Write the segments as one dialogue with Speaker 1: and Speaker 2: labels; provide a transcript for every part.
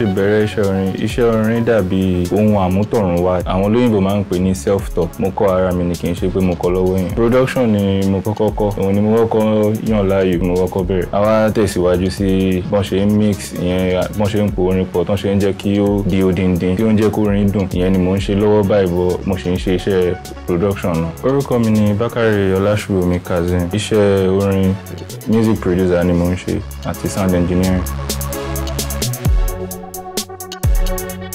Speaker 1: ṣe bẹ̀rẹ̀ iṣẹ́ orin iṣẹ́ orin dàbí ohun àmútọ̀run wa àwọn olóyìnbó máa ń pè ní self taught mo kọ́ ara mi ni kì í ṣe pé mo kọ́ lọ́wọ́ yẹn production ni mo kọ́kọ́ kọ́ òun ni mo kọ́kọ́ yàn láàyò mo kọ́kọ́ bẹ̀rẹ̀ a wá tẹ̀síwájú sí bọ́n ṣe ń mix ìyẹn bọ́n ṣe ń po orin pọ̀ tán ṣe ń jẹ́ kí ó di odindin kí ó ń jẹ́ kó orin dùn ìyẹn ni mò ń ṣe lọ́wọ́ báyìí bọ́ mo ṣe ń ṣe iṣẹ́ production náà music producer ni mò sound engineering. Thank you.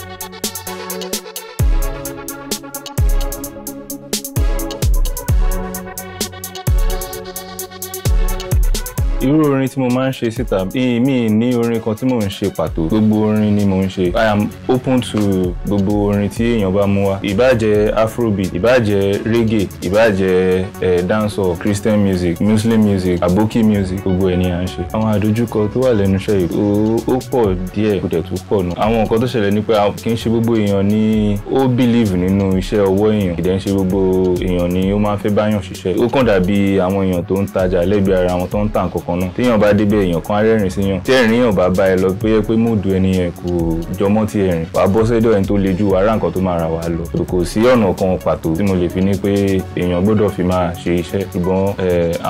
Speaker 1: irú orin tí mo máa ń ṣe síta mi ní orin kan tí mò ń ṣe pàtó gbogbo orin ni mò ń ṣe i am open to gbogbo orin tí èèyàn bá mú wá ìbàjẹ́ afrobeat ìbàjẹ́ reggae ìbàjẹ́ eh, dancehall christian music muslim music aboki music gbogbo ẹ̀ ni à ń ṣe. àwọn àdójúkọ tó wà lẹ́nu iṣẹ́ yìí ó pọ̀ díẹ̀ kò dẹ̀ tún pọ̀ nù. àwọn nǹkan tó ṣẹlẹ̀ ni pé kì í ṣe gbogbo èèyàn ni ó believe nínú iṣẹ́ ọwọ́ èèyàn kì ń ṣe gbogbo èèyàn ni ó máa ń fẹ́ báyàn ṣiṣẹ́ ó kàn dàbí àwọn èèyàn tó ń tajà lẹ́gbẹ̀ẹ́ ara wọn tó ń tà nǹkan kan náà téèyàn bá débẹ̀ èèyàn kan arẹ́rìn sí yàn tí ẹ̀rín yàn bá bá ẹ lọ pé pé múùdù ẹni yẹn kò jọmọ́ ti ẹ̀rín wàá bọ́ sẹ́dọ̀ ẹni tó le jù wàá rà nǹkan tó máa rà wá lọ kò sí ọ̀nà kan pàtó tí mo lè fi ní pé èèyàn gbọ́dọ̀ fi máa ṣe iṣẹ́ ṣùgbọ́n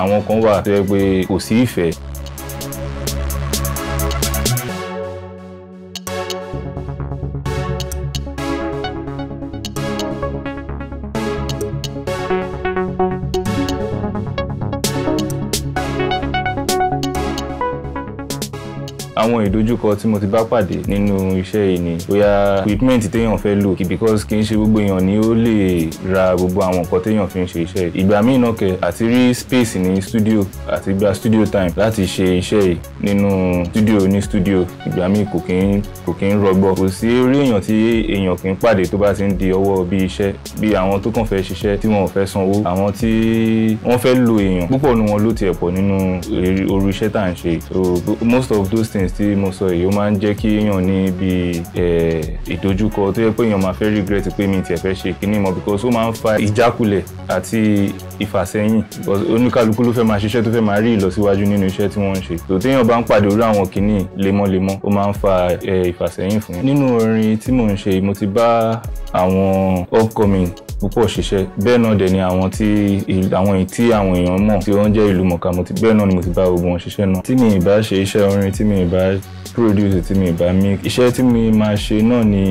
Speaker 1: àwọn kan wà tó yẹ pé kò sí ìfẹ́ àwọn ìdojúkọ tí mo ti bá pàdé nínú iṣẹ́ yìí ni bóyá equipment téèyàn fẹ́ lò because kì í ṣe gbogbo èèyàn ni ó lè ra gbogbo àwọn nǹkan téèyàn fi ń ṣe iṣẹ́ yìí ìgbà míì náà kẹ àti rí space ní studio àti gba studio time láti ṣe iṣẹ́ yìí nínú studio ní studio ìgbà míì kò kí ń kò kí ń rọgbọ kò sí orí èèyàn tí èèyàn kì í pàdé tó bá ti ń di ọwọ́ bí iṣẹ́ bí àwọn tó kàn fẹ́ ṣiṣẹ́ tí wọn ò fẹ́ sanwó àwọn tí wọ́n fẹ́ lo èèyàn púpọ̀ nu wọn ló tiẹ̀ pọ̀ nínú orí iṣẹ́ tá à ń ṣe so most of those things tí mo sọ yìí ó máa ń jẹ́ kí èèyàn ní bí ìdojúkọ tó yẹ pé èèyàn máa fẹ́ regret pé mi tiẹ̀ fẹ́ ṣe kíní mọ́ because ó máa ń fa ìjákulẹ̀ àti ìfàsẹ́yìn oníkálukú ló fẹ́ máa ṣiṣẹ́ tó fẹ́ máa rí ìlọsíwájú nínú iṣẹ́ tí wọ́n ń ṣe tó téèyàn bá ń pàdé orú àwọn kíní lemọ́lemọ́ ó máa ń fa ìfàsẹ́yìn fún yín nínú orin tí mò ń ṣe mo ti bá àwọn upcoming púpọ̀ ṣiṣẹ́ bẹ́ẹ̀ náà dẹ̀ ni àwọn tí àwọn èyí tí àwọn èèyàn mọ̀ tí wọ́n jẹ́ ìlú mọ̀ká mo ti bẹ́ẹ̀ náà ni mo ti bá gbogbo wọn ṣiṣẹ́ náà tí mi ì bá ṣe iṣẹ́ orin tí mi ì bá produce tí mi bá mi iṣẹ́ tí mi máa ṣe náà ni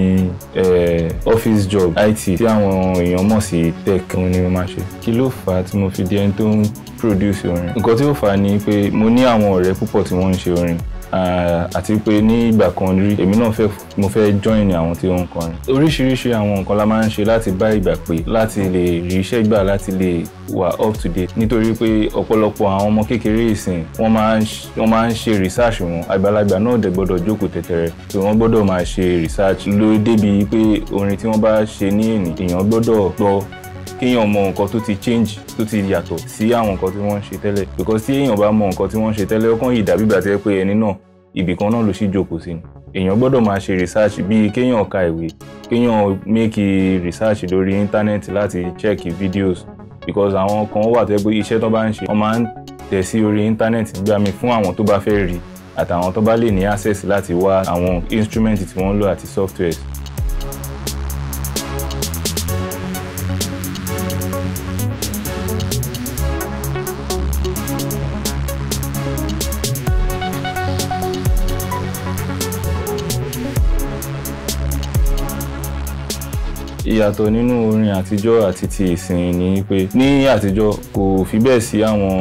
Speaker 1: eh, office job IT tí àwọn èèyàn mọ̀ sí tech òun ni mo máa ṣe kí ló fà á tí mo fi di ẹni tó ń produce orin nǹkan tí ó fà á ni pé mo ní àwọn ọ̀rẹ́ púpọ̀ tí wọ́n ń ṣe orin Eh, àti pé ní ìgbà kan rí èmi náà fẹ́ mo fẹ́ join àwọn tí ó ń kọrin oríṣiríṣi àwọn nǹkan la máa ń ṣe láti bá ìgbà pé láti lè rí iṣẹ́ gbà láti lè wà up to date nítorí pé ọ̀pọ̀lọpọ̀ àwọn ọmọ kékeré ìsìn wọ́n máa ń ṣe research wọn àgbàlagbà náà dẹ̀ gbọ́dọ̀ jókòó tẹ̀tẹ̀rẹ̀ tí wọ́n gbọ́dọ̀ máa ṣe research ló débi pé orin tí wọ́n bá ṣe ní ènìyàn gbọ́dọ̀ gbọ́ kéèyàn mọ nǹkan tó ti change tó ti yàtọ̀ sí àwọn nǹkan tí wọ́n ń ṣe tẹ́lẹ̀ because tí èèyàn bá mọ nǹkan tí wọ́n ń ṣe tẹ́lẹ̀ ó kàn yìí dàbí ìgbà tí ẹ pé ẹni náà ibì kan náà ló sì jókòó sí ni èèyàn gbọ́dọ̀ máa ṣe research bíi kéèyàn ka ìwé kéèyàn make research lórí íńtánẹ́ẹ̀tì láti check videos because àwọn kan wà tó yẹ pé iṣẹ́ tó bá ń ṣe wọ́n máa ń tẹ̀ sí orí íńtánẹ́ẹ̀tì nígbà míì fún àwọn tó bá fẹ́ rí àtàwọn tó bá lè ní access láti wá àwọn instrument tí wọ́n ń lò àti software ìyàtọ̀ nínú orin àtijọ́ àti ti ìsìn ni pé ní àtijọ́ kò fi bẹ́ẹ̀ sí àwọn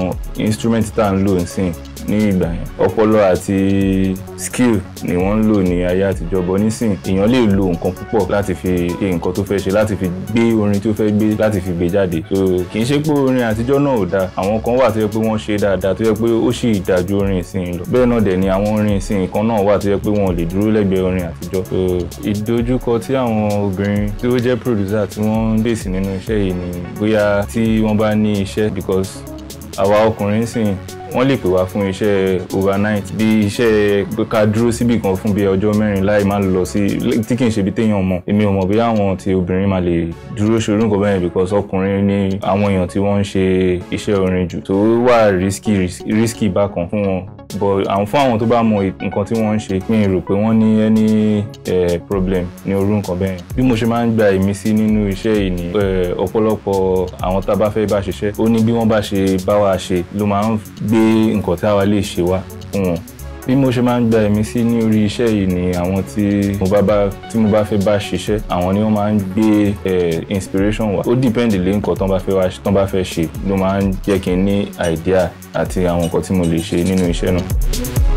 Speaker 1: instrument tá à ń lò nísìn ní ìgbà yẹn ọpọlọ àti skill ni wọ́n ń lò ní ayé àtijọ́ bọ́ nísìn èèyàn lè lo nǹkan púpọ̀ láti fi ṣe nǹkan tó fẹ́ ṣe láti fi gbé orin tó fẹ́ gbé láti fi gbé jáde so kì í ṣe pé orin àtijọ́ náà ò dáa àwọn kan wà tó yẹ pé wọ́n ṣe dáadáa tó yẹ pé ó sì dájú orin ìsìn lọ bẹ́ẹ̀ náà dẹ̀ ni àwọn orin ìsìn kan náà wà tó yẹ pé wọn ò lè dúró lẹ́gbẹ̀ẹ́ orin àtijọ́ so ìdojúkọ tí àwọn obìnrin tí ó jẹ́ producer tí wọ́n ń bèsì nínú iṣẹ́ yìí ni bóyá tí wọ́n bá ní iṣẹ́ because àwa ọkùnrin sìn wọ́n lè pè wá fún iṣẹ́ overnight bí iṣẹ́ pé ká dúró síbì kan fún bíi ọjọ́ mẹ́rin láì má lọ sí tí kì í ṣe ibi téèyàn mọ̀ èmi ò mọ̀ bí àwọn ti obìnrin máa lè dúró ṣòro nǹkan bẹ́ẹ̀ because ọkùnrin ni àwọn èèyàn tí wọ́n ń ṣe iṣẹ́ orin jù tó wà risky risky bákan fún wọn but àwọn fún àwọn tó bá mọ nǹkan tí wọ́n ń ṣe mi rò pé wọ́n ní any eh, problem ní orú nǹkan bẹ́ẹ̀ bí mo ṣe máa ń gba ìmísí nínú iṣẹ́ yìí ni eh, ọ̀pọ̀lọpọ̀ àwọn tá a bá fẹ́ bá ṣiṣẹ́ ó ní bí wọ́n bá ṣe bá wa ṣe ló máa ń gbé nǹkan tí àwa lè ṣe wá fún hmm. wọn bí mo ṣe máa ń gba ẹ̀mí sí ní orí iṣẹ́ yìí ni àwọn tí mo bá fẹ́ bá ṣiṣẹ́ àwọn ni wọ́n máa ń gbé eh, inspiration wá ó depend lé nǹkan tán bá fẹ́ ṣe ló máa ń jẹ́ kí n ní idea àti àwọn nǹkan tí mo lè ṣe nínú iṣẹ́ náà.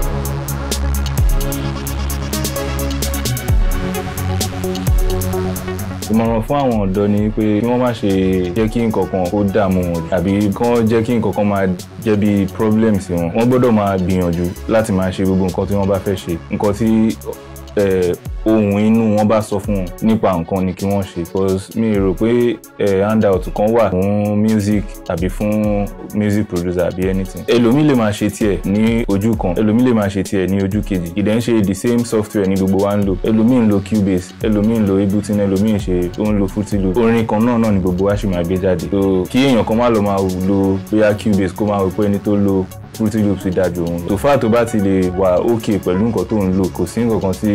Speaker 1: ìmọ̀ràn fún àwọn ọ̀dọ́ ni pé kí wọ́n má ṣe jẹ́ kí nǹkan kan kó dààmú wọn àbí kí wọ́n jẹ́ kí nǹkan kan máa jẹ́ bí problems wọn wọ́n gbọ́dọ̀ máa gbìyànjú láti máa ṣe gbogbo nǹkan tí wọ́n bá fẹ́ ṣe nǹkan tí ohun inú wọn bá sọ fún wọn nípa nǹkan ni kí wọ́n ṣe because mi rò pé handout kan wà fún music tàbí fún music producer àbí anything ẹlòmí lè máa ṣe tiẹ̀ ní ojú kan ẹlòmí lè máa ṣe tiẹ̀ ní ojú kejì ìdẹ́ ń ṣe the same software ní gbogbo wa ń lò ẹlòmí ń lo cubase ẹlòmí ń lo ableton ẹlòmí ń ṣe ó ń lo fruity loop orin kan náà náà ni gbogbo wa ṣì máa gbé jáde so kí èèyàn kan má lọ máa lo bóyá cubase kó máa rò pé ẹni tó lo multi loop ti dájú òun lọ. tòfà tó bá ti lè wà ókè pẹ̀lú nǹkan tó ń lò kò sí nǹkan kan tí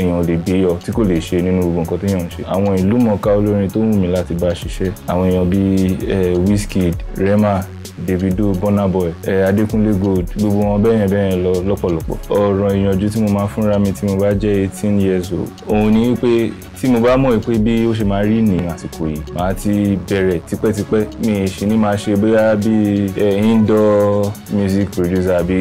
Speaker 1: èèyàn lè gbé yọ tí kò lè ṣe nínú gbogbo nǹkan téèyàn ń ṣe. àwọn ìlú mọ̀ọ́ká olórin tó wù mí láti bá ṣiṣẹ́ àwọn èèyàn bíi Wizkid Rema Davido Burna Boy eh, Adekunle Gold gbogbo wọn bẹ́yẹn bẹ́yẹn lọ lọ́pọ̀lọpọ̀ ọ̀rọ̀ ìyànjú tí mo máa fúnra mi tí mo bá jẹ́ eighteen years old òun ni pé tí mo bá mọ̀ pé bí ó ṣe máa rí ní àsìkò yìí màá ti bẹ̀rẹ̀ tipẹ́tipẹ́ mi ṣì ní máa ṣe bóyá bíi indoor music producer àbí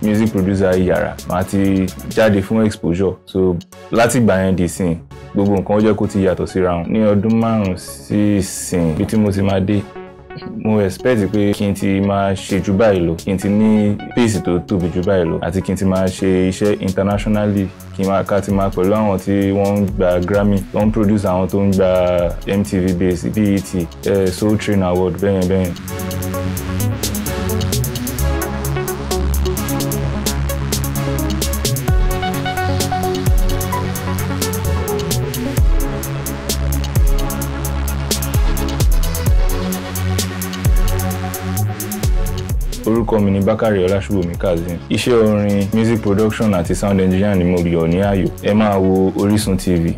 Speaker 1: music producer yàrá màá ti jáde fún exposure so láti ìgbà yẹn dì sìn gbogbo nǹkan ó jẹ́ kó ti yàtọ̀ síra wọn ní ọdún márùn-ún sí ìsìn bí tí mo ti máa dé mo expect pé kí n ti máa ṣe jù báyìí lọ kí n ti ní pace tó tóbi jù báyìí lọ àti kí n ti máa ṣe iṣẹ́ internationally kí n máa ká ti máa pẹ̀lú àwọn tí wọ́n ń gba Grammy tó ń produce àwọn tó ń gba MTV base BET uh, eh, Soul Train Award bẹ́yẹn bẹ́yẹn. orúkọ mi ni Bákàrè Ọláṣùbọ̀mí Kazeem iṣẹ́ orin music production àti sound engineer ni mo yàn ní ààyò ẹ máa wo Orísun TV.